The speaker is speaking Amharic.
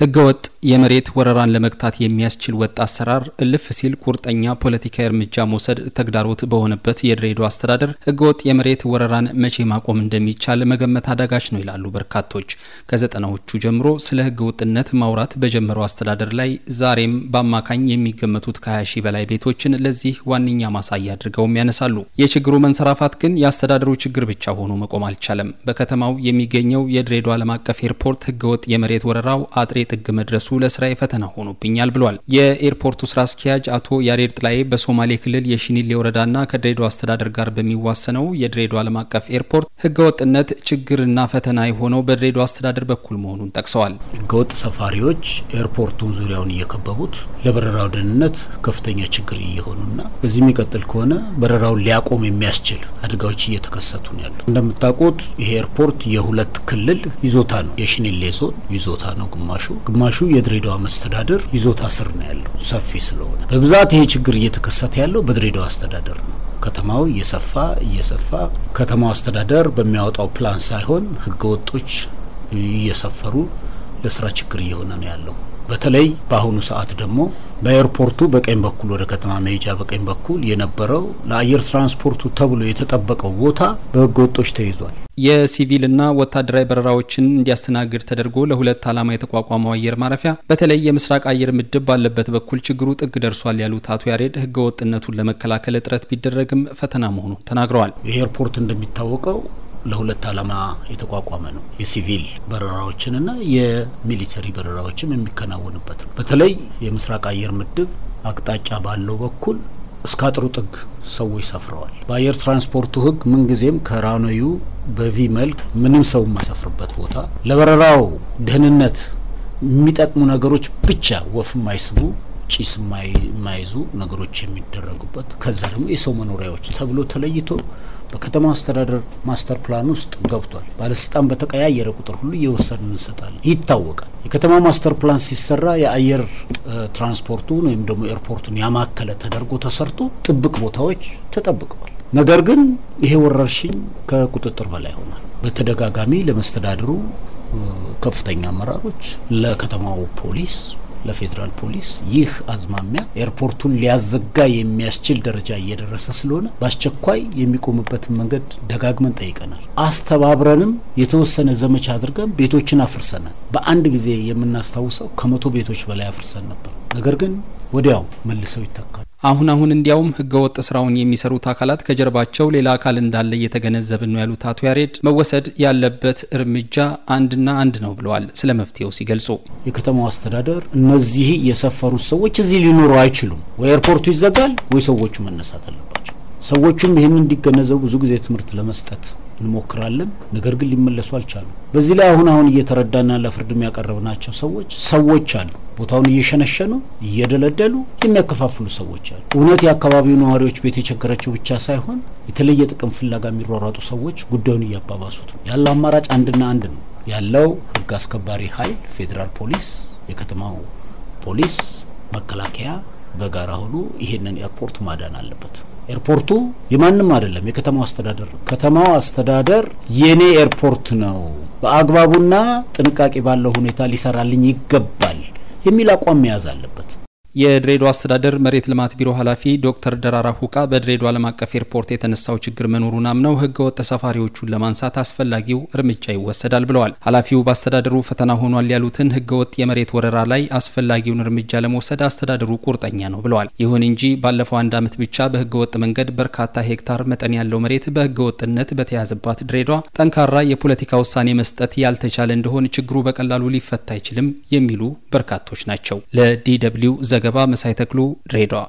ህገወጥ የመሬት ወረራን ለመግታት የሚያስችል ወጥ አሰራር እልፍ ሲል ቁርጠኛ ፖለቲካዊ እርምጃ መውሰድ ተግዳሮት በሆነበት የድሬዳዋ አስተዳደር ህገወጥ የመሬት ወረራን መቼ ማቆም እንደሚቻል መገመት አዳጋች ነው ይላሉ በርካቶች። ከዘጠናዎቹ ጀምሮ ስለ ህገወጥነት ማውራት በጀመረው አስተዳደር ላይ ዛሬም በአማካኝ የሚገመቱት ከ20 ሺህ በላይ ቤቶችን ለዚህ ዋነኛ ማሳያ አድርገውም ያነሳሉ። የችግሩ መንሰራፋት ግን የአስተዳደሩ ችግር ብቻ ሆኖ መቆም አልቻለም። በከተማው የሚገኘው የድሬዳዋ ዓለም አቀፍ ኤርፖርት ህገወጥ የመሬት ወረራው አጥሬ ጥግ መድረሱ ለስራ ፈተና ሆኖብኛል ብሏል። የኤርፖርቱ ስራ አስኪያጅ አቶ ያሬድ ጥላዬ በሶማሌ ክልል የሽኒሌ ወረዳና ከድሬዳዋ አስተዳደር ጋር በሚዋሰነው የድሬዳዋ ዓለም አቀፍ ኤርፖርት ህገወጥነት ችግርና ፈተና የሆነው በድሬዳዋ አስተዳደር በኩል መሆኑን ጠቅሰዋል። ህገወጥ ሰፋሪዎች ኤርፖርቱን ዙሪያውን እየከበቡት ለበረራው ደህንነት ከፍተኛ ችግር እየሆኑና በዚህ የሚቀጥል ከሆነ በረራውን ሊያቆም የሚያስችል አደጋዎች እየተከሰቱ ነው ያሉ። እንደምታውቁት ይሄ ኤርፖርት የሁለት ክልል ይዞታ ነው። የሽኒሌ ዞን ይዞታ ነው ግማሹ ግማሹ የድሬዳዋ መስተዳደር ይዞታ ስር ነው ያለው ሰፊ ስለሆነ በብዛት ይሄ ችግር እየተከሰተ ያለው በድሬዳዋ አስተዳደር ነው። ከተማው እየሰፋ እየሰፋ ከተማው አስተዳደር በሚያወጣው ፕላን ሳይሆን ህገወጦች እየሰፈሩ ለስራ ችግር እየሆነ ነው ያለው። በተለይ በአሁኑ ሰዓት ደግሞ በኤርፖርቱ በቀኝ በኩል ወደ ከተማ መሄጃ በቀኝ በኩል የነበረው ለአየር ትራንስፖርቱ ተብሎ የተጠበቀው ቦታ በህገ ወጦች ተይዟል። የሲቪልና ወታደራዊ በረራዎችን እንዲያስተናግድ ተደርጎ ለሁለት ዓላማ የተቋቋመው አየር ማረፊያ በተለይ የምስራቅ አየር ምድብ ባለበት በኩል ችግሩ ጥግ ደርሷል ያሉት አቶ ያሬድ ወጥነቱን ለመከላከል እጥረት ቢደረግም ፈተና መሆኑን ተናግረዋል። ኤርፖርት እንደሚታወቀው ለሁለት ዓላማ የተቋቋመ ነው። የሲቪል በረራዎችንና የሚሊተሪ በረራዎችም የሚከናወንበት ነው። በተለይ የምስራቅ አየር ምድብ አቅጣጫ ባለው በኩል እስከ አጥሩ ጥግ ሰዎች ሰፍረዋል። በአየር ትራንስፖርቱ ህግ ምንጊዜም ከራኖዩ በቪ መልክ ምንም ሰው የማይሰፍርበት ቦታ ለበረራው ደህንነት የሚጠቅሙ ነገሮች ብቻ ወፍ የማይስቡ ጭስ የማይዙ ነገሮች የሚደረጉበት ከዛ ደግሞ የሰው መኖሪያዎች ተብሎ ተለይቶ በከተማ አስተዳደር ማስተር ፕላን ውስጥ ገብቷል። ባለስልጣን በተቀያየረ ቁጥር ሁሉ እየወሰድ እንሰጣለን። ይታወቃል። የከተማ ማስተር ፕላን ሲሰራ የአየር ትራንስፖርቱን ወይም ደግሞ ኤርፖርቱን ያማከለ ተደርጎ ተሰርቶ ጥብቅ ቦታዎች ተጠብቀዋል። ነገር ግን ይሄ ወረርሽኝ ከቁጥጥር በላይ ሆኗል። በተደጋጋሚ ለመስተዳድሩ ከፍተኛ አመራሮች፣ ለከተማው ፖሊስ ለፌዴራል ፖሊስ ይህ አዝማሚያ ኤርፖርቱን ሊያዘጋ የሚያስችል ደረጃ እየደረሰ ስለሆነ በአስቸኳይ የሚቆምበትን መንገድ ደጋግመን ጠይቀናል። አስተባብረንም የተወሰነ ዘመቻ አድርገን ቤቶችን አፍርሰናል። በአንድ ጊዜ የምናስታውሰው ከመቶ ቤቶች በላይ አፍርሰን ነበር። ነገር ግን ወዲያው መልሰው ይተካሉ። አሁን አሁን እንዲያውም ህገወጥ ስራውን የሚሰሩት አካላት ከጀርባቸው ሌላ አካል እንዳለ እየተገነዘብን ነው ያሉት አቶ ያሬድ መወሰድ ያለበት እርምጃ አንድና አንድ ነው ብለዋል። ስለ መፍትሄው ሲገልጹ የከተማው አስተዳደር እነዚህ የሰፈሩት ሰዎች እዚህ ሊኖሩ አይችሉም፣ ወይ ኤርፖርቱ ይዘጋል፣ ወይ ሰዎቹ መነሳት አለባቸው። ሰዎቹም ይህን እንዲገነዘቡ ብዙ ጊዜ ትምህርት ለመስጠት እንሞክራለን። ነገር ግን ሊመለሱ አልቻሉም። በዚህ ላይ አሁን አሁን እየተረዳና ለፍርድ ናቸው ሰዎች ሰዎች አሉ። ቦታውን እየሸነሸኑ እየደለደሉ የሚያከፋፍሉ ሰዎች አሉ። እውነት የአካባቢው ነዋሪዎች ቤት የቸገረችው ብቻ ሳይሆን የተለየ ጥቅም ፍላጋ የሚሯሯጡ ሰዎች ጉዳዩን እያባባሱት ነው። ያለው አማራጭ አንድና አንድ ነው። ያለው ህግ አስከባሪ ኃይል ፌዴራል ፖሊስ፣ የከተማው ፖሊስ፣ መከላከያ በጋራ ሆኖ ይሄንን ኤርፖርት ማዳን አለበት። ኤርፖርቱ የማንም አይደለም፣ የከተማው አስተዳደር ነው። ከተማው አስተዳደር የኔ ኤርፖርት ነው፣ በአግባቡና ጥንቃቄ ባለው ሁኔታ ሊሰራልኝ ይገባል የሚል አቋም መያዝ አለበት። የድሬዳዋ አስተዳደር መሬት ልማት ቢሮ ኃላፊ ዶክተር ደራራ ሁቃ በድሬዳዋ ዓለም አቀፍ ኤርፖርት የተነሳው ችግር መኖሩን አምነው ወጥ ተሳፋሪዎቹን ለማንሳት አስፈላጊው እርምጃ ይወሰዳል ብለዋል። ኃላፊው በአስተዳደሩ ፈተና ሆኗል ያሉትን ህገወጥ የመሬት ወረራ ላይ አስፈላጊውን እርምጃ ለመውሰድ አስተዳደሩ ቁርጠኛ ነው ብለዋል። ይሁን እንጂ ባለፈው አንድ ዓመት ብቻ በህገወጥ መንገድ በርካታ ሄክታር መጠን ያለው መሬት በህገወጥነት በተያዘባት ድሬዳዋ ጠንካራ የፖለቲካ ውሳኔ መስጠት ያልተቻለ እንደሆን ችግሩ በቀላሉ ሊፈታ አይችልም የሚሉ በርካቶች ናቸው። ለዲ ደብልዩ ዘገባ መሳይ ተክሉ ድሬዳዋ